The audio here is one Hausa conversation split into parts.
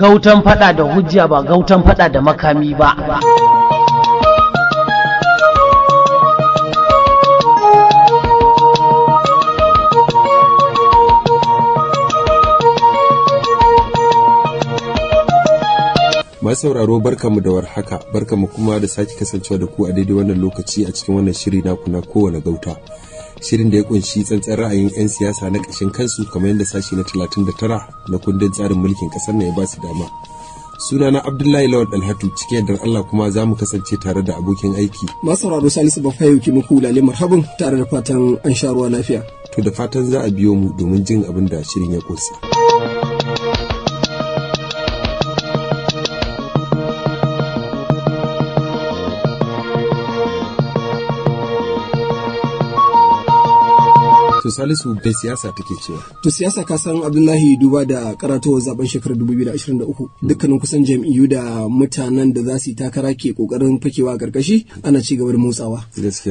gautan fada da hujja ba gautan fada da makami ba sauraro barkamu da warhaka barkamu kuma da sake kasancewa da ku a daidai wannan lokaci a cikin wannan shiri na kuna kowane gauta shirin da ya kunshi tsantsan ra'ayin 'yan siyasa na ƙashin kansu kamar yadda sashi na 39 na kundin tsarin mulkin ƙasar na ya ba su dama sunana abdullahi lawal dalhatu cike yadda allah kuma za mu kasance tare da abokin aiki masu sauraro salisu ba fayyauki muku lalle marhabin tare da fatan an sha ruwa lafiya to da fatan za a biyo mu domin jin abin da shirin ya kunsa. salisu bai siyasa take cewa to siyasa ka san abdullahi duba da karatowar zaben shekarar 2023 dukkanin kusan jam'iyyu da mutanen da za su yi takara ke kokarin fakewa karkashi ana ci gaba da motsawa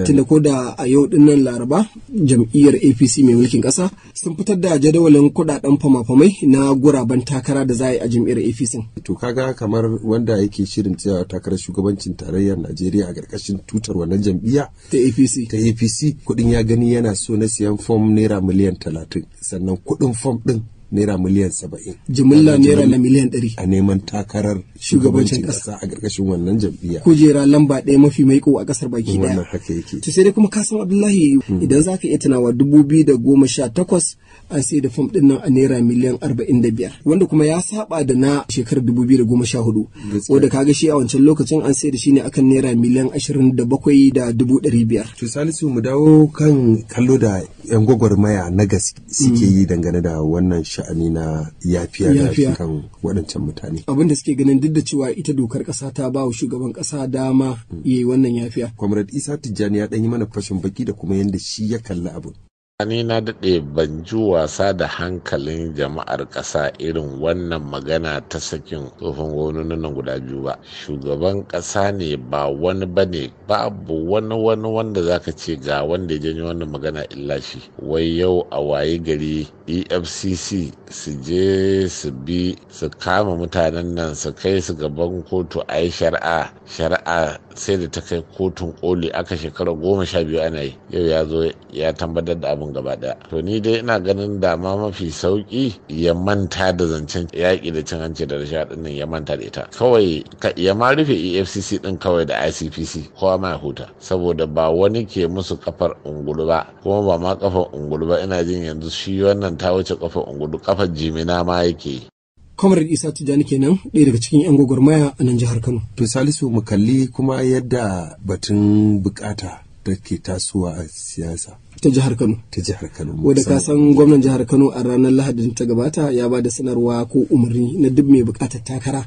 tunda ko da a yau din nan laraba jam'iyyar apc mai mulkin kasa sun fitar da jadawalin kudaden fama-famai na guraben takara da za a yi a jam'iyyar apc to kaga kamar wanda yake shirin cewa takarar shugabancin tarayyar najeriya a karkashin tutar wannan jam'iyya ta apc ta apc kudin ya gani yana so na siyan fom naira miliyan talatin sannan kuɗin fom ɗin naira miliyan saba'in. Jimilla naira na miliyan ɗari. A neman takarar shugabancin ƙasa a ƙarƙashin wannan jam'iyya kujera lamba ɗaya mafi maiko a ƙasar baki ɗaya wannan haka yake to sai dai kuma ka san Abdullahi hmm. idan zaka iya tunawa takwas an sai da fom ɗin nan a naira miliyan arba'in da biyar. wanda kuma ya saba da na shekarar dubu biyu da goma sha hudu wanda kaga shi a wancan lokacin an sai da shi ne akan naira miliyan ashirin da bakwai da dubu biyar to Salisu mu dawo kan kallo da yan gwagwarmaya na gaske hmm. yi dangane da wannan sha'ani na yafiya da kan waɗancan mutane abin da suke ganin duk da cewa ita dokar ƙasa ta ba wa shugaban ƙasa dama hmm. yayi wannan yafiya. Comrade Isa Tijjani ya ɗan yi mana fashin baki da kuma yadda shi ya kalli abin. ni na daɗe ban ji wasa da hankalin jama'ar ƙasa irin wannan magana ta sakin tsofin gwamnonin nan guda biyu ba shugaban ƙasa ne ba wani ba ne babu wani wani wanda zaka ce ga wanda ya janyo wannan magana illa shi wai yau a waye gari efcc su je su bi su kama mutanen nan su kai su gaban kotu a yi shari'a shari'a sai da ta kai kotun koli aka shekara goma sha biyu ana yi yau ya zo ya tambatar da abin gaba daya to ni dai ina ganin dama mafi sauki ya manta da zancen yaƙi da cin hanci da rasha din nan ya manta da ita kawai ka iya ma rufe efcc din kawai da icpc kowa ma huta saboda ba wani ke musu kafar ungulu ba kuma ba ma kafar ungulu ba ina jin yanzu shi wannan ta wuce kafar ungulu kafar jimina ma yake Comrade Isa Tijani kenan ɗaya daga cikin 'yan gwagwarmaya a nan jihar Kano. To Salisu mu kalli kuma yadda batun bukata da ke tasowa a siyasa ta jihar Kano ta jihar Kano Wadda ka san gwamnan jihar Kano a ranar Lahadin ta gabata ya ba da sanarwa ko umarni na duk mai bukatar takara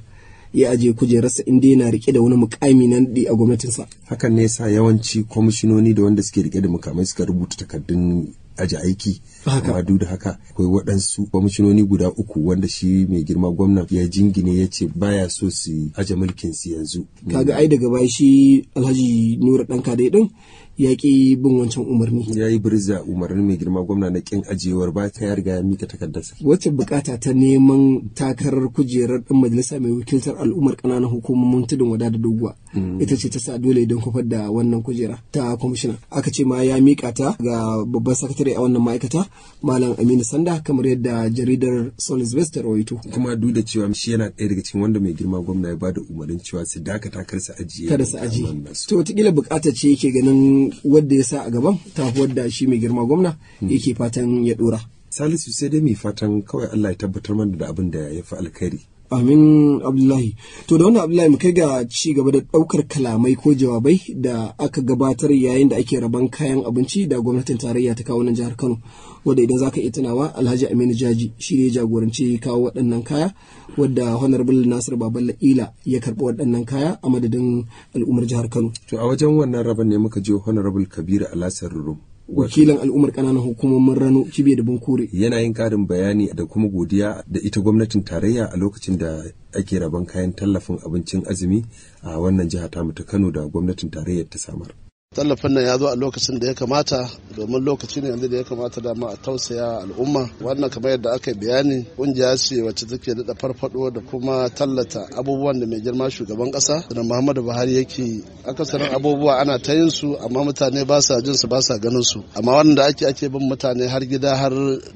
ya aje kujerarsa inda yana rike da wani mukami na daɗi a gwamnatinsa. Hakan ne sa yawanci kwamishinoni da wanda suke rike da mukamai suka rubuta takardun aji aiki amma duk da haka akwai waɗansu kwamishinoni guda uku wanda shi mai girma gwamnan ya jingine ya ce baya so su aje mulkin su yanzu kaga ai daga baya shi alhaji nura ɗan kadai ɗin ya ki bin wancan umarni ya yi birza umarnin mai girma gwamna na kin ajiyewar ba ta ya ga ya mika takardarsa wacce bukata ta neman takarar kujerar dan majalisa mai wakiltar al'ummar kananan hukumomin tudun wada da doguwa mm. ita ce ta sa dole don kufar da wannan kujera ta kwamishina aka ce ma ya mika ta ga babban sakatare a wannan ma'aikata malam aminu sanda kamar yadda jaridar solis ta rawaito kuma duk da cewa shi yana ɗaya daga cikin wanda mai girma gwamna ya bada umarnin cewa su dakata kar su ajiye kada su ajiye to wataƙila bukata ce yake ganin wadda ya sa a gaban ta wadda shi mai girma gwamna hmm. yake fatan ya dora salisu sai dai mai fatan kawai Allah ya tabbatar mana da abin da ya fi alkhairi amin abdullahi to da wannan abdullahi mu kai ga ci gaba da ɗaukar kalamai ko jawabai da aka gabatar yayin da ake rabon kayan abinci da gwamnatin tarayya ta kawo nan jihar Kano wadda idan zaka iya tunawa alhaji aminu jaji shi ne jagoranci kawo waɗannan kaya wadda honorable nasir baballa ila ya karɓi waɗannan kaya a madadin al'ummar jihar kano to a wajen wannan rabon ne muka je honorable kabiru alasar rum wakilan al'ummar kananan hukumomin rano kibiya da bunkure yana yin karin bayani da kuma godiya da ita gwamnatin tarayya a lokacin da ake rabon kayan tallafin abincin azumi a wannan jiha tamu ta kano da gwamnatin tarayyar ta samar tallafin nan ya zo a lokacin da ya kamata domin lokaci ne yanzu da ya kamata dama a tausaya al'umma wannan kamar yadda aka yi bayani kungiya ce wacce take da farfado da kuma tallata abubuwan da mai girma shugaban kasa da muhammadu buhari yake akasarin abubuwa ana ta yin su amma mutane ba sa jin su ba sa ganin su amma wannan da ake ake bin mutane har gida har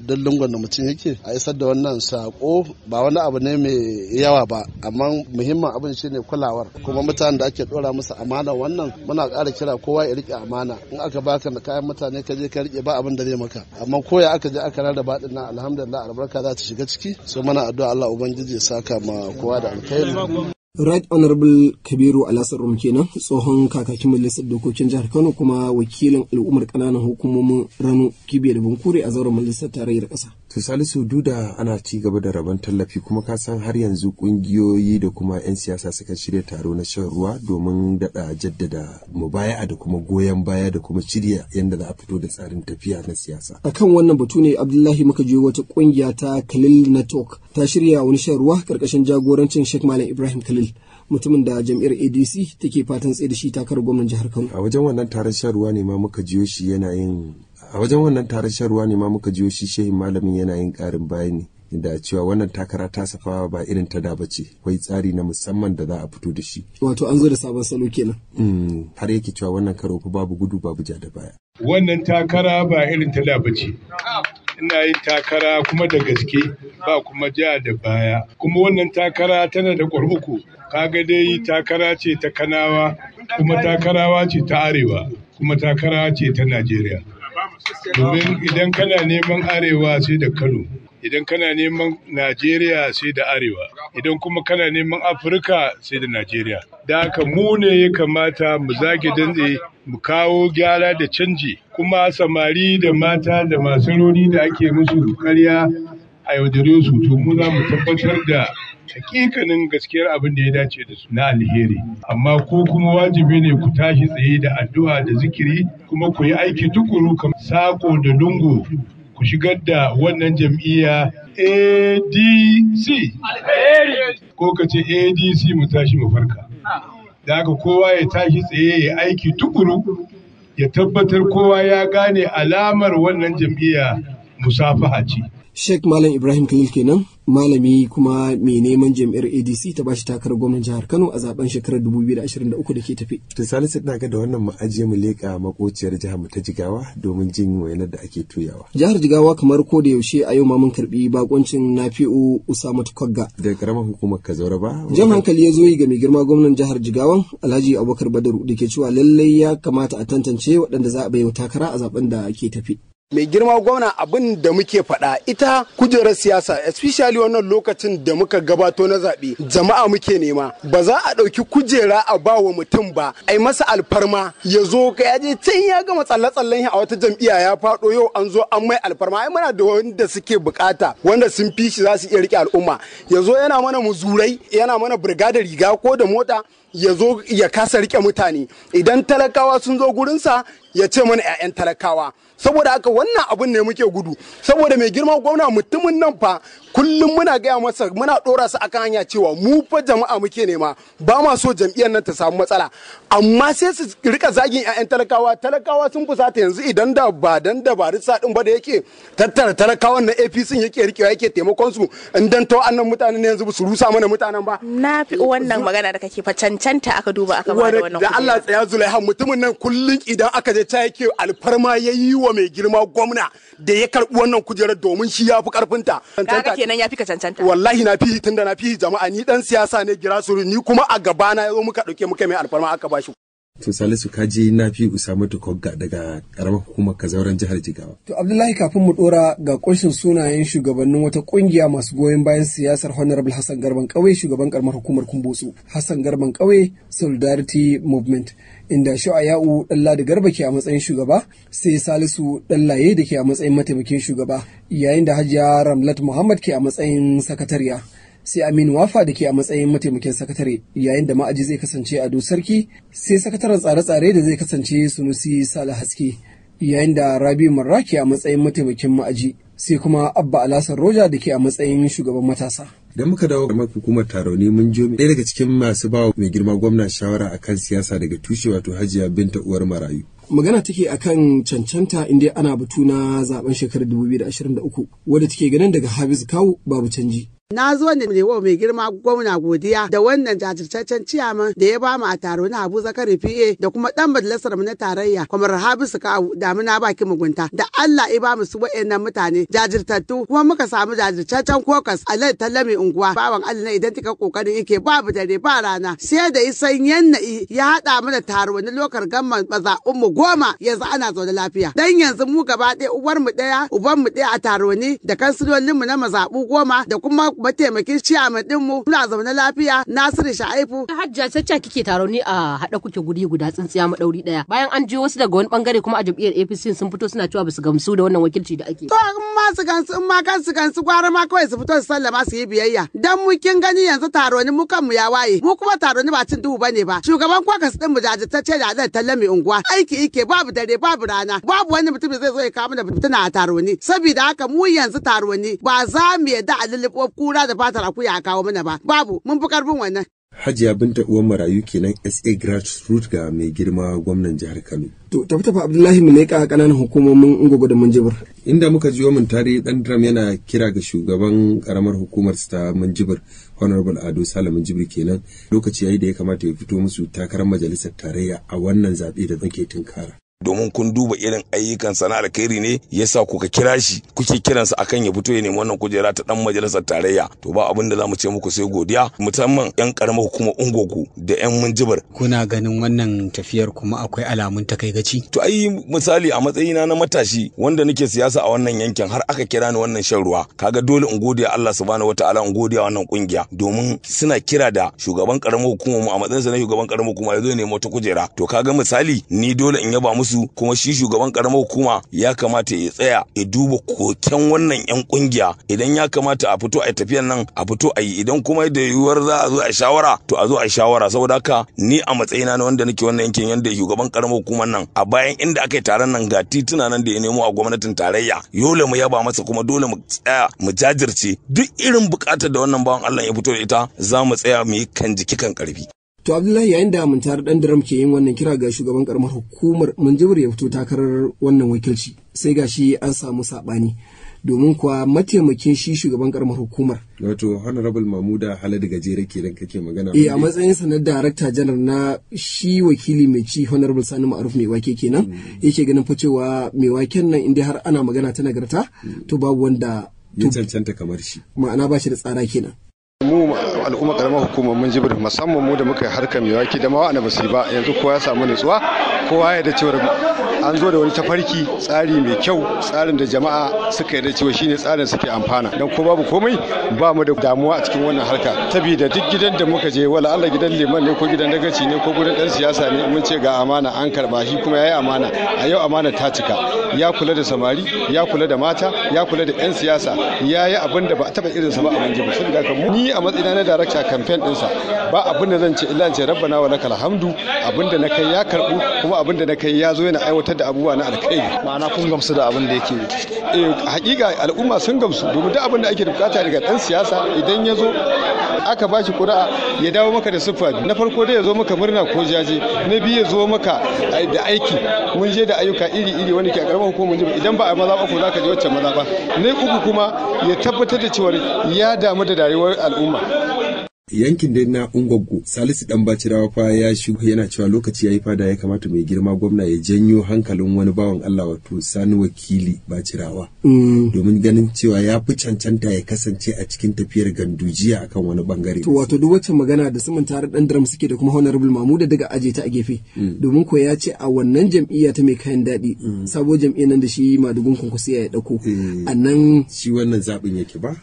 dallungon da mutum yake a isar da wannan sako ba wani abu ne mai yawa ba amma muhimman abin shine kulawar kuma mutanen da ake dora musu amana wannan muna kara kira kowa ya rike amana in aka baka na kayan mutane ka je ka rike ba abin da zai maka amma koya aka je aka rarraba din nan alhamdulillah albarka za ta shiga ciki so mana addu'a Allah ubangiji ya saka ma kowa da alkhairi Right Honorable Kabiru Alasar Rum kenan tsohon kakakin majalisar dokokin jihar Kano kuma wakilin al'ummar kananan hukumomin Rano kibiyar da Bunkure a zauren majalisar tarayyar ƙasa. To Salisu Duda ana ci gaba da rabon tallafi kuma ka san har yanzu ƙungiyoyi da kuma 'yan siyasa suka shirya taro na shan ruwa domin daɗa jaddada mubaya'a da kuma goyon baya da kuma shirya yadda za a fito da tsarin tafiya na siyasa. A kan wannan batu ne Abdullahi muka je wata kungiya ta Khalil Network ta shirya wani shan ruwa ƙarƙashin jagorancin Sheikh Malam Ibrahim Khalil mutumin da jam'iyyar adc take fatan tsaye da shi takarar gwamnan jihar kano a wajen wannan taron sharuwa ne ma muka jiyo shi yana yin a wajen wannan taron sharuwa ne ma muka jiyo shi shehin malamin yana yin ƙarin bayani da cewa wannan takara ta safa ba irin ta da bace akwai tsari na musamman da za a fito da shi wato an zo da sabon salo kenan mm, har yake cewa wannan karo babu gudu babu ja da baya wannan takara ba irin ta da bace ina yin takara kuma da gaske ba kuma ja da baya kuma wannan takara tana da ƙwarƙuku kaga dai takara ce ta kanawa kuma takarawa ce ta arewa kuma takara ce ta najeriya domin idan kana neman arewa sai da kano idan kana neman Najeriya sai da Arewa, idan kuma kana neman Afirka sai da Najeriya. Da haka mu ne ya kamata mu zage dantse mu kawo gyara da canji, kuma samari da mata da masu roni da ake musu karya a yaudare su to mu za mu tabbatar da hakikanin gaskiyar abin da ya dace da su na alheri amma ko kuma wajibi ne ku tashi tsaye da addu'a da zikiri kuma ku yi aiki tukuru kamar sako da lungu ku shigar da wannan jam'iyya ADC. Ko ka ce ADC mu tashi mu farka. Da haka kowa ya tashi tsaye ya aiki tukuru ya tabbatar kowa ya gane alamar wannan jam'iyya musafaha ce. Sheikh Malam Ibrahim Khalil kenan malami kuma mai neman jami'ar ADC ta bashi takarar gwamnan jihar Kano a zaben shekarar 2023 da ke tafi. To Salisu ina ga da wannan mu mu leka makociyar jihar mu ta Jigawa domin jin wayanar da ake tuyawa. Jihar Jigawa kamar ko da yaushe a yau ma mun karbi bakoncin Nafi'u Usama tukwagga. Da karamar hukumar Kazaura ba. Jan hankali ya zo yi ga mai girma gwamnan jihar Jigawan Alhaji Abubakar Badaru da ke cewa lallai ya kamata a tantance waɗanda za a baiwa takara a zaben da ke tafi. mai girma gwamna abin da muke faɗa ita kujerar siyasa especially wannan lokacin da muka gabato na zaɓe jama'a muke nema ba za a ɗauki kujera a ba wa mutum ba a masa alfarma ya zo ka ya can ya gama tsalle-tsallen a wata jam'iyya ya faɗo yau an zo an mai alfarma ai muna da wanda suke bukata wanda sun fi shi za su iya rike al'umma ya zo yana mana muzurai yana mana da riga ko da mota ya zo ya kasa rike mutane idan talakawa sun zo gurinsa ya ce mana 'ya'yan talakawa saboda haka wannan abun ne muke gudu saboda mai girma gwamna mutumin nan fa kullum muna gaya masa muna dora su akan hanya cewa mu fa jama'a muke nema ba ma so jam'iyyar nan ta samu matsala amma sai su rika zagin 'ya'yan talakawa talakawa sun fusata yanzu idan da ba dan dabarisa din ba da yake tattara talakawan na APC yake rikewa yake taimakon su in dan to annan mutanen ne yanzu su rusa mana mutanen ba na fi wannan magana da kake fa cancanta aka duba aka ba da wannan da Allah tsaya Zulaiha mutumin nan kullum idan aka je ta yake alfarma yayi wa mai girma gwamna da ya karbi wannan kujerar domin shi ya fi karfinta kenan ya fi ka cancanta wallahi na fi tunda na fi jama'a ni dan siyasa ne gira ni kuma a gabana na zo muka dauke muka mai alfarma aka bashi To Salisu ka je na fi Usama Tukogga daga ƙaramar hukumar Kazauran jihar Jigawa. To Abdullahi kafin mu dora ga kunshin sunayen shugabannin wata kungiya masu goyon bayan siyasar Honorable Hassan Garban Kauye shugaban karamar hukumar Kumbotso. Hassan Garban Kauye Solidarity Movement. inda Shu'ayau Dalla da Garba ke a matsayin shugaba sai Salisu Dallaye da ke a matsayin mataimakin shugaba yayin da Hajiya Ramlat Muhammad ke a matsayin sakatariya. sai Aminu Wafa da ke a matsayin mataimakin sakatare yayin da ma'aji zai kasance a sarki sai sakataren tsare-tsare da zai kasance Sunusi Sale Haske yayin da Rabi ke a matsayin mataimakin ma'aji sai kuma Abba Alasan Roja da ke a matsayin shugaban matasa. da muka dawo kamar hukumar taroni mun jo ɗaya daga cikin masu bawa mai girma gwamna shawara akan siyasa daga tushe wato hajiya binta uwar marayu magana take akan cancanta inda ana batu na zaben shekarar 2023 wadda take ganin daga Habis Kawu babu canji Na zo ne wa mai girma gwamna godiya da wannan jajirtaccen ciyaman da ya bamu a taro na Abu Zakari PA da kuma dan majalisar mu na tarayya kamar Habisu Kawu muna baki mugunta da Allah ya bamu su wa'annan mutane jajirtattu kuma muka samu jajirtaccen kokas a lai talami unguwa bawan Allah idan kika kokarin yake babu dare ba rana sai da isan yanna ya haɗa mana taro na lokar gamman baza mu goma yanzu ana zaune lafiya dan yanzu mu gaba ɗaya uwar mu ɗaya uban mu ɗaya a taro ne da kansilolin mu na mazabu goma da kuma mataimakin a mu. muna zaune lafiya Nasiru Sha'ifu. Hajja ce kike taro ni a haɗa kuke guri guda tsintsiya maɗauri ɗaya. Bayan an jiyo wasu daga wani bangare kuma a jam'iyyar APC sun fito suna cewa basu gamsu da wannan wakilci da ake. To in ma su gamsu in ma su gansu gwara ma kawai su fito su sallama su yi biyayya. Dan mu kin gani yanzu taro ni mu mu ya waye. Mu kuma taro ni ba cin duhu bane ba. Shugaban kwakas ɗin mu jajirtacce da zai talla unguwa. Aiki ike babu dare babu rana. Babu wani mutum zai zo ya kawo mana fitina a taro ni. Saboda haka mu yanzu taro ni ba za mu yadda a ku kura da fatar akuya a kawo mana ba babu mun fi karfin wannan Hajiya Binta uwan marayu kenan SA grassroot ga mai girma gwamnan jihar Kano. To tafi tafi Abdullahi mu leƙa ƙananan hukumomin Ungogo da Minjibir. Inda muka ji mun tare dan dram yana kira ga shugaban karamar hukumar ta Minjibir Honorable Ado Sale Minjibir kenan lokaci yayi da ya kamata ya fito musu takarar majalisar tarayya a wannan zaɓe da zake tunkara. domin kun duba irin ayyukan sana alkhairi ne yasa kuka kira shi kuke kiransa akan ya fito ya nemi wannan kujera ta dan majalisar tarayya to ba abin da za mu ce muku sai godiya musamman yan karamar hukumar ungoku da yan munjibar kuna ganin wannan tafiyar kuma akwai alamun gaci to ai misali a matsayina na matashi wanda nake siyasa a wannan yankin har aka kira ni wannan shan ruwa kaga dole in godiya Allah subhanahu wataala in godiya wannan kungiya domin suna kira da shugaban karamar hukumar mu a matsayinsa na shugaban karamar hukuma ya zo ne mota kujera to kaga misali ni dole in yaba musu musu kuma shi shugaban karamar hukuma ya kamata ya tsaya ya duba koken wannan yan kungiya idan ya kamata a fito a tafiyan nan a fito a yi idan kuma da yiwuwar za a zo a shawara to a zo a shawara saboda haka ni a matsayina na wanda nake wannan yankin yanda shugaban karamar hukumar nan a bayan inda aka yi taron nan ga tituna nan da ya nemo a gwamnatin tarayya yola mu yaba masa kuma dole mu tsaya mu jajirce duk irin bukatar da wannan bawan Allah ya fito da ita za mu tsaya mu yi kan jiki kan karfi To Abdullahi yayin da tare dan Diram ke yin wannan kira ga shugaban karamar hukumar Minjibir ya fito takarar wannan wakilci sai ga shi an samu sabani domin kuwa mataimakin shi shugaban karamar hukumar. Wato Honorable Mamuda Halad Gajere kenan kake magana. Eh a matsayin sa na Director General na shi wakili mai ci Honorable Sani Ma'aruf mai wake kenan mm. yake ganin fa cewa mai waken nan inda har ana magana ta nagarta mm. to babu wanda ya cancanta kamar shi. Ma'ana ba shi da tsara kenan. al'umma karamar hukumar mun jibir musamman mu da muka yi harkar mai waki da mawa basi ba yanzu kowa ya samu nutsuwa kowa ya da cewa an zo da wani tafarki tsari mai kyau tsarin da jama'a suka yi da cewa shine tsarin suke amfana dan ko babu komai ba mu da damuwa a cikin wannan harka saboda duk gidan da muka je wala Allah gidan liman ne ko gidan dagaci ne ko gidan dan siyasa ne mun ce ga amana an karba shi kuma yayi amana a yau amana ta cika ya kula da samari ya kula da mata ya kula da yan siyasa yayi abin da ba a taba irin sa ba a mun jibir saboda ni a matsayina na darakta kamfen ɗinsa ba abin da zan ce illa ce rabbana wa lakal hamdu abin da na kai ya karbu kuma abin da na kai ya zo yana aiwatar da abubuwa na alkhairi ma'ana kun gamsu da abin da yake eh hakika al'umma sun gamsu domin duk abin da ake bukata daga dan siyasa idan ya zo aka ba shi ƙuri'a ya dawo maka da siffa na farko dai ya zo maka murna ko jaje na biyu ya zo maka da aiki mun je da ayyuka iri iri wani ke a karamar hukumar jiba idan ba a maza uku za ka je wacce maza ba na uku kuma ya tabbatar da cewa ya damu da darewar al'umma yankin dai na ungwaggo salisu dan bacirawa fa ya shigo yana cewa lokaci ya yi fada ya kamata mai girma gwamna ya janyo hankalin wani bawan allah wato sani wakili bacirawa mm. domin ganin cewa ya fi cancanta ya kasance a cikin tafiyar gandujiya akan wani bangare to wato duk wacce magana da sumun tare dan drum suke da kuma honorable mamuda daga aje ta a gefe mm. domin ko ya ce a wannan jam'iyya ta mai kayan daɗi mm. sabo jam'iyyar nan da shi madugun kunkusiya ya dauko eh. a nan shi wannan zaɓin yake ba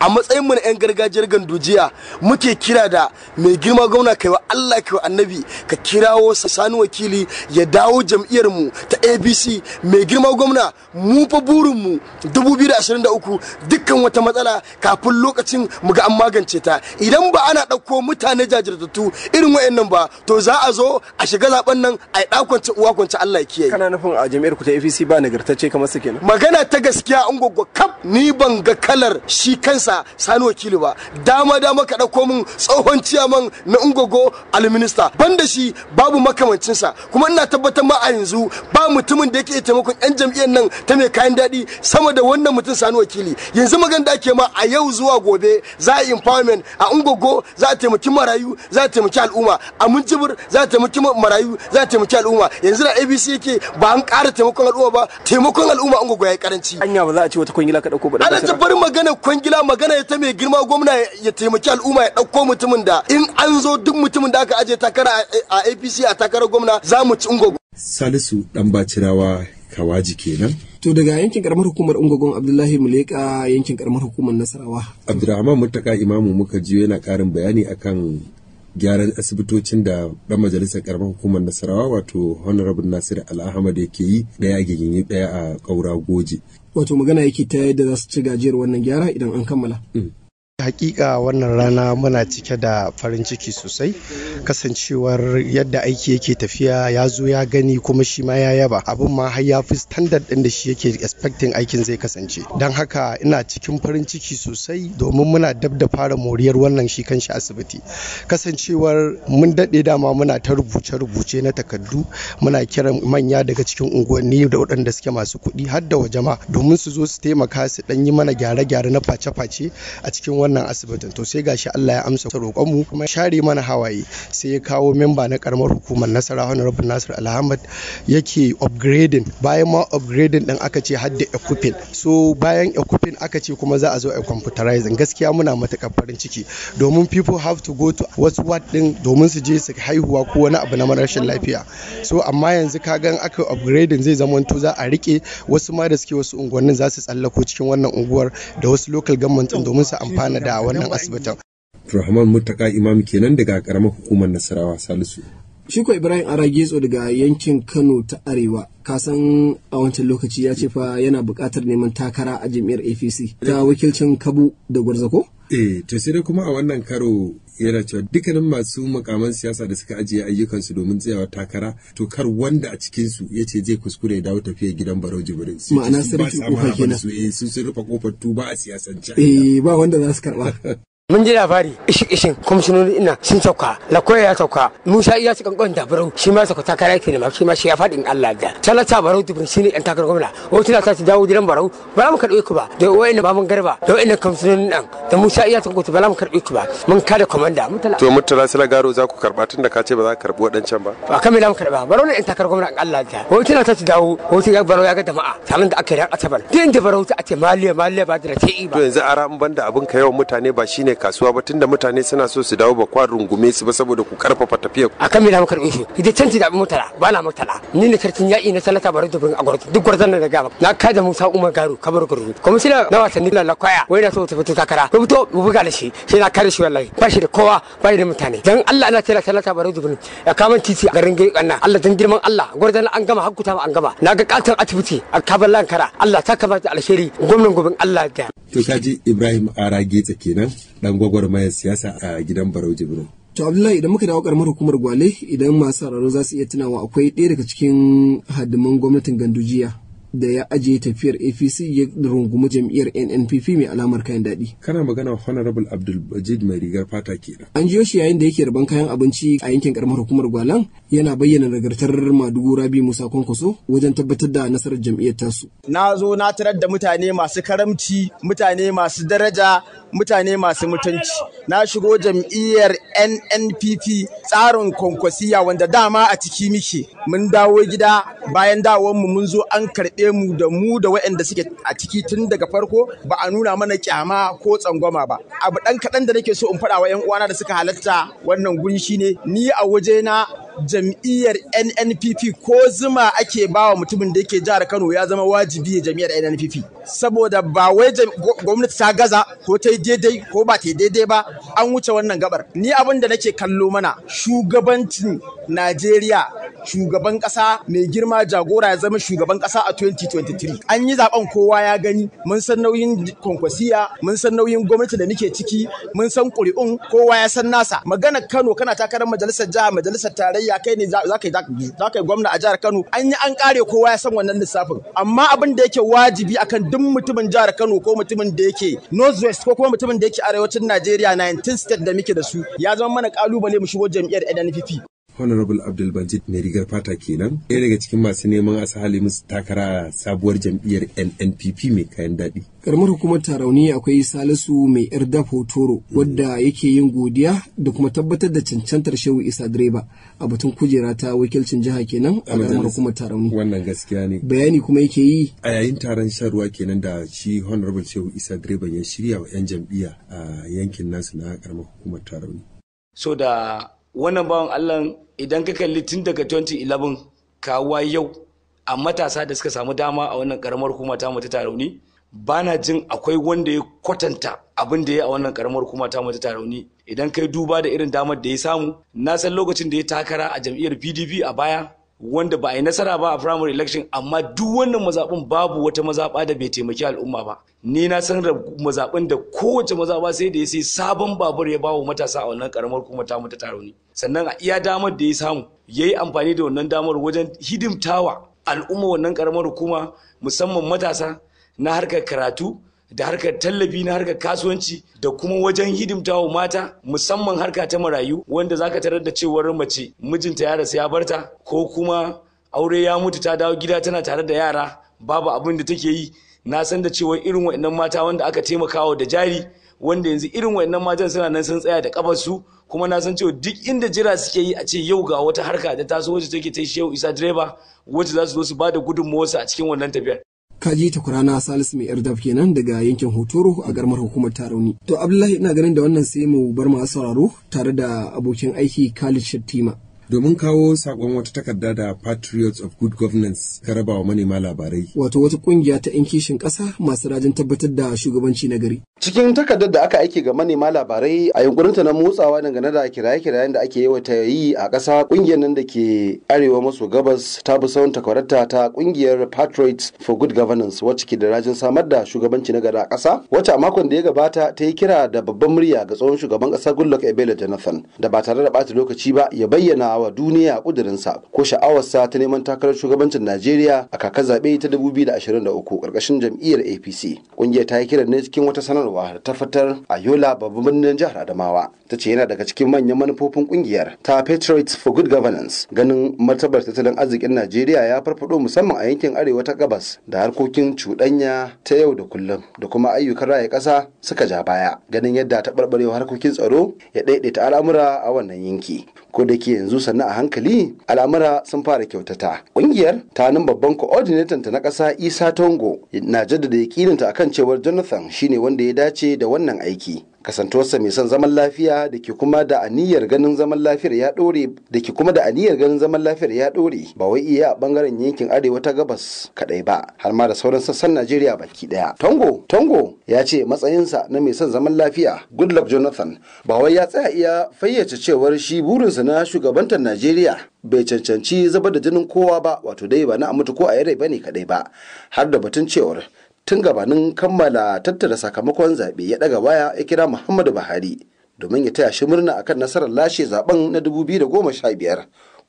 a matsayin mu na 'yan gargajiyar gandujiya muke kira da mai girma gwamna kai wa Allah kai wa annabi ka kirawo sani wakili ya dawo jam'iyyar mu ta abc mai girma gwamna mu fa burin mu 2023 dukkan wata matsala kafin lokacin mu ga an magance ta idan ba ana ɗauko mutane jajirtattu irin wayannan ba to za a zo a shiga zaben nan a ɗakwance uwa kwance Allah ya kiyaye kana nufin a jam'iyyar ku ta abc ba nagartacce kamar su kenan magana ta gaskiya an goggo kap ni ban ga kalar shi kansa sa sani wakili ba dama dama ka dauko min tsohon ciyaman na ungogo alminista da shi babu makamancinsa kuma ina tabbatar ma a yanzu ba mutumin da yake taimakon yan jam'iyyar nan ta mai kayan daɗi sama da wannan mutum sani wakili yanzu magan da ake ma a yau zuwa gobe za a empowerment a ungogo za a taimaki marayu za a taimaki al'umma a munjibir za a taimaki marayu za a taimaki al'umma yanzu da abc yake ba an kara taimakon al'umma ba taimakon al'umma ungogo ya yi karanci anya ba za a ce wata kwangila ka dauko ba da ba magana kwangila magana ta mai girma gwamna ya taimaki al'umma ya ɗauko mutumin da in an zo duk mutumin da aka aje takara a apc a takarar gwamna za mu ci ungogo. salisu dan bacirawa kawaji kenan To daga yankin karamar hukumar Ungogon Abdullahi Muleka yankin karamar hukumar Nasarawa. Abdurrahman Murtaka Imamu muka ji yana karin bayani akan gyaran asibitocin da dan majalisar karamar hukumar nasarawa wato honorable nasir al'ahmad yake yi daya a giginyi daya a kaura goje wato magana yake ta yadda za su ci gajiyar wannan gyara idan an kammala mm. Hakika wannan rana muna cike da farin ciki sosai kasancewar yadda aiki yake tafiya ya zo ya gani kuma shi ma ya yaba abin ma har ya fi standard din da shi yake expecting aikin zai kasance don haka ina cikin farin ciki sosai domin muna dab da fara moriyar wannan shi kan shi asibiti kasancewar mun daɗe dama muna ta rubuce rubuce na takardu muna kiran manya daga cikin unguwanni da waɗanda suke masu kuɗi har da waje ma domin su zo su taimaka su ɗan yi mana gyare gyare na face face a cikin wannan asibitin to sai gashi Allah ya amsa roƙon mu kuma share mana hawaye sai ya kawo memba na karamar hukumar Nasara Honorable Nasir Alhamad yake upgrading bayan ma upgrading din aka ce hadda equipping so bayan equipping aka ce kuma za a zo a computerizing gaskiya muna matakar farin ciki domin people have to go to wasu ward din domin su je su haihuwa ko wani abu na rashin lafiya so amma yanzu ka ga aka upgrading zai zamanta za a rike wasu ma da suke wasu unguwannin za su tsallako cikin wannan unguwar da wasu local government domin su amfana da wannan asibitin. Rahman Murtaka Imam kenan daga karamar hukumar Nasarawa Salisu. shi ko ibrahim aragezo daga yankin kano ta arewa ka san a wancan lokaci ya ce fa yana buƙatar neman takara a jam'iyyar apc ta wakilcin kabu da gwarzako eh to sai dai kuma a wannan karo yana cewa dukkanin masu makaman siyasa da suka ajiye ayyukansu domin tsayawa takara to kar wanda a cikinsu ya ce zai kuskure ya dawo tafiya gidan barau jibrin ma'ana sarki kofa kenan eh, su sun rufe kofar tuba a siyasance eh ba wanda za su karba mun ji labari ishi ishin kwamishinoni ina sun sauka lakoya ya sauka musa iya su kankan da barau shi ma sauka takara yake ne shi ma shi ya faɗi in allah da talata barau dubin shi ne yan takar gwamna wata na su dawo gidan barau ba za mu karɓe ku ba da ne ba mun garba da wa'in ne kwamishinoni ɗan da musa iya su kankan ba za mu karɓe ku ba mun kada komanda. to mutala sila garo za ku karɓa tun da ka ce ba za ka karɓi waɗancan ba. ba kan me za mu karɓa barau ne yan takar gwamna in allah da wata na su dawo wata ya barau ya ga jama'a salon da aka yi ran asabar duk inda barau ta ce maliya maliya ba da ta yi ba. to yanzu ara ban banda abin ka yawan mutane ba shine kasuwa ba tunda mutane suna so su dawo ba kwa rungume su ba saboda ku karfafa tafiyar a kan me da muka shi idan canji da mutala ba na mutala ni ne sarkin yaƙi na sanata ba da a gwarzo duk gwarzon da gaba na kai da Musa Umar Garu kabar gwarzo kwamishinan na wasanni na kwaya wai na so ta fito takara ko fito mu buga da shi sai na kare shi wallahi ba shi da kowa ba da mutane dan Allah ana tsira sanata ba da ya kama titi a garin gari nan Allah dan girman Allah gwarzon an gama hakkuta an gama na ga katon atibiti a kabar lankara Allah ta da alheri gwamnan gobin Allah da to Ibrahim Ara Getsa dan gwagwarmayar siyasa a gidan Barau Jibrin. To Abdullahi idan muka dawo karamar hukumar Gwale idan masu sauraro za su iya tunawa akwai ɗaya daga cikin hadiman gwamnatin Gandujiya da ya ajiye tafiyar APC ya rungumi jam'iyyar NNPP mai alamar kayan daɗi. Kana magana Honorable Abdul Majid mai rigar fata kenan. An jiyo shi yayin da yake rabon kayan abinci a yankin karamar hukumar Gwalan yana bayyana nagartar Madugu Rabi Musa Kwankwaso wajen tabbatar da nasarar jam'iyyar tasu. Na zo na tarar da mutane masu karamci, mutane masu daraja, mutane masu mutunci na shigo jam'iyyar nnpp tsarin kwankwasiya wanda dama a ciki muke mun dawo gida bayan mu mun zo an karɓe mu da mu da waɗanda suke a ciki tun daga farko ba a nuna mana kyama ko tsangwama ba abu ɗan kaɗan da nake so in faɗa wa 'yan uwana da suka halatta wannan guri ne. ni a waje na. jam'iyyar NNPP ko zuma ake bawa mutumin da yake jihar Kano ya zama wajibi ya jam'iyyar NNPP saboda ba wai gwamnati ta gaza ko ta daidai ko ba ta daidai ba an wuce wannan gabar ni abin da nake kallo mana shugabancin Najeriya shugaban kasa mai girma jagora ya zama shugaban kasa a 2023 an yi zaben kowa ya gani mun san nauyin kwankwasiya mun san nauyin gwamnati da muke ciki mun san ƙuri'un kowa ya san nasa magana Kano kana takarar majalisar jiha majalisar tarayya tarayya kai ne za ka yi gwamna a jihar Kano an yi an kare kowa ya san wannan lissafin amma abin da yake wajibi akan duk mutumin jihar Kano ko mutumin da yake Northwest ko kuma mutumin da yake arewacin Najeriya 19 state da muke da su ya zama mana kalubale mu shigo jam'iyyar NNPP honorable abdulbajid mai rigar fata kenan ɗaya daga cikin masu neman a sahali musu takara sabuwar jam'iyyar nnpp mai kayan daɗi karamar hukumar tarauni akwai salisu mai dafo toro wadda yake yin godiya da kuma tabbatar da cancantar shehu isa direba a batun kujera ta wakilcin jiha kenan a karamar hukumar tarauni wannan gaskiya ne bayani kuma yake yi a yayin taron shan ruwa kenan da shi honorable shehu isa direban ya shirya wa 'yan jam'iyya a yankin nasu na karamar hukumar tarauni so da wannan bawan allah idan ka kalli tun daga 2011 kawuwa yau a matasa da suka samu dama a wannan karamar hukuma ta mu ta tarauni ba na jin akwai wanda ya kwatanta abin da ya a wannan karamar hukuma ta mu ta tarauni idan kai duba da irin damar da ya samu na san lokacin da ya takara a jam'iyyar pdp a baya wanda ba a yi nasara ba a primary election amma duk wannan mazaɓin babu wata mazaɓa da bai taimaki al'umma ba ni na san da mazaɓin da kowace mazaɓa sai da ya sai sabon babur ya bawa matasa a wannan karamar kuma ta mata ne sannan a iya damar da ya samu ya yi amfani da wannan damar wajen hidimtawa al'umma wannan karamar hukuma musamman matasa na harkar karatu da harkar tallafi na harkar kasuwanci da kuma wajen hidimta wa mata musamman harka ta marayu wanda zaka tarar da cewar mace mijinta ya rasu ya barta ko kuma aure ya mutu ta dawo gida tana tare da yara babu abin da take yi na san da cewa irin waɗannan mata wanda aka taimakawa da jari wanda yanzu irin waɗannan matan suna nan sun tsaya da ƙafarsu. kuma na san cewa duk inda jira suke yi a ce yau ga wata harka da taso wacce take ta shehu isa direba wacce za su zo su ba da gudunmawarsu a cikin wannan tafiyar kaji ta kurana salisu mai irdaf kenan daga yankin hotoro a garmar hukumar tarauni to abdullahi ina ganin da wannan sai mu bar masu sauraro tare da abokin aiki khalid shattima domin kawo sakon wata takarda da Patriots of Good Governance ka raba wa manema labarai. Wato wata kungiya ta 'yan kishin ƙasa masu rajin tabbatar da shugabanci na gari. Cikin takardar da aka aike ga manema labarai a yunkurinta na motsawa dangane da kiraye-kirayen da ake yawaita yi a ƙasa kungiyar nan da ke arewa maso gabas ta bi sauran takwararta ta kungiyar Patriots for Good Governance wacce ke da rajin samar da shugabanci na gari a ƙasa wacce a makon da ya gabata ta yi kira da babban murya ga tsohon shugaban ƙasa Goodluck Ebele Jonathan da ba tare da bata lokaci ba ya bayyana wa duniya sa ko sha'awarsa ta neman takarar shugabancin Najeriya a kakar zaɓe ta 2023 karkashin jam'iyyar APC. ƙungiyar ta yi kiran ne cikin wata sanarwa da ta fitar a Yola babban birnin jihar Adamawa. Ta ce yana daga cikin manyan manufofin ƙungiyar ta Patriots for Good Governance ganin martabar tattalin arzikin Najeriya ya farfado musamman a yankin arewa ta gabas da harkokin cuɗanya ta yau da kullum da kuma ayyukan raya ƙasa suka ja baya ganin yadda ta barbarewa harkokin tsaro ya ɗaiɗaita al'amura a wannan yanki. ko da ke yanzu sannan a hankali al'amura sun fara kyautata ƙungiyar ta nan babban coordinator ta na ƙasa isa tongo na jaddada yakininta akan cewar jonathan shine wanda ya dace da wannan aiki kasantuwarsa mai son zaman lafiya da ke kuma da aniyar ganin zaman lafiyar ya dore da ke kuma da aniyar ganin zaman lafiyar ya dore ba wai iya a bangaren yankin arewa ta gabas kadai ba har ma da sauran sassan Najeriya baki daya Tongo Tongo ya ce matsayinsa na mai son zaman lafiya Goodluck Jonathan ba wai ya tsaya iya fayyace cewar shi burinsa na shugabantar Najeriya bai cancanci zubar da jinin kowa ba wato dai ba na mutu ko a yare ba ne kadai ba har da batun cewar tun gabanin kammala tattara sakamakon zaɓe ya ɗaga waya ya kira Muhammadu Buhari domin ya taya shi murna akan nasarar lashe zaben na 2015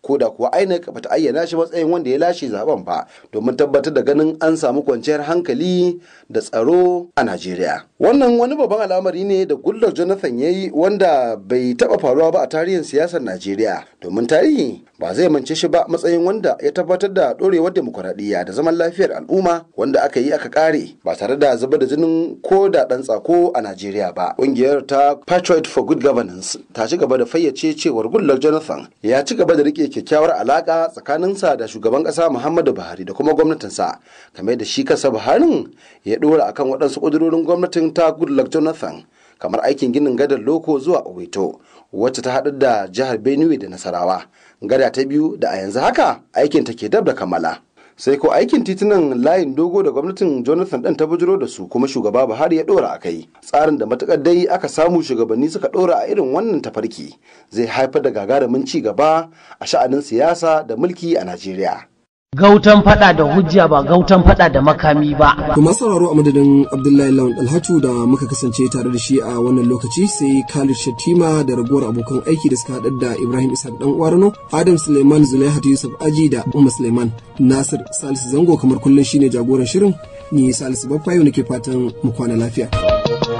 ko da kuwa INEC bata ayyana shi matsayin wanda ya lashe zaben ba domin tabbatar da ganin an samu kwanciyar hankali da tsaro a Najeriya. Wannan wani babban al'amari ne da Gullar Jonathan ya yi wanda bai taba faruwa ba a tarihin siyasar Najeriya domin tarihi ba zai mance shi ba matsayin wanda ya tabbatar da ɗorewar demokuraɗiyya da zaman lafiyar al'umma wanda aka yi aka kare ba tare da zuba da jinin ko da ɗan tsako a Najeriya ba. Ƙungiyar ta Patriot for Good Governance ta ci gaba da fayyace cewar Gullar Jonathan ya ci gaba da rike kyakkyawar alaka sa da shugaban kasa muhammadu buhari da kuma sa kamar da shi kansa buharin ya dora akan waɗansu ƙudurorin gwamnatin ta goodluck jonathan kamar aikin ginin gadar loko zuwa oweto wacce ta haɗar da jihar benue da nasarawa gada ta biyu da a yanzu haka aikin ta ke dab da kammala sai ko aikin titunan layin dogo da gwamnatin jonathan ɗan ta bujiro da su kuma shugaba buhari ya ɗora a kai tsarin da matukar dai aka samu shugabanni suka ɗora a irin wannan tafarki zai haifar da gagarumin ci gaba a sha'anin siyasa da mulki a najeriya gautan fada da hujja ba gautan fada da makami ba. To masararo a madadin Abdullahi Lawan Dalhatu da muka kasance tare da shi a wannan lokaci sai Khalid Shatima da ragowar abokan aiki da suka haɗar da Ibrahim Isa dan Uwarano, Adam Suleiman Zulaihat Yusuf Aji da Umma Suleiman. Nasir Salisu Zango kamar kullum shine jagoran shirin. Ni Salisu Baffayo nake fatan mu kwana lafiya.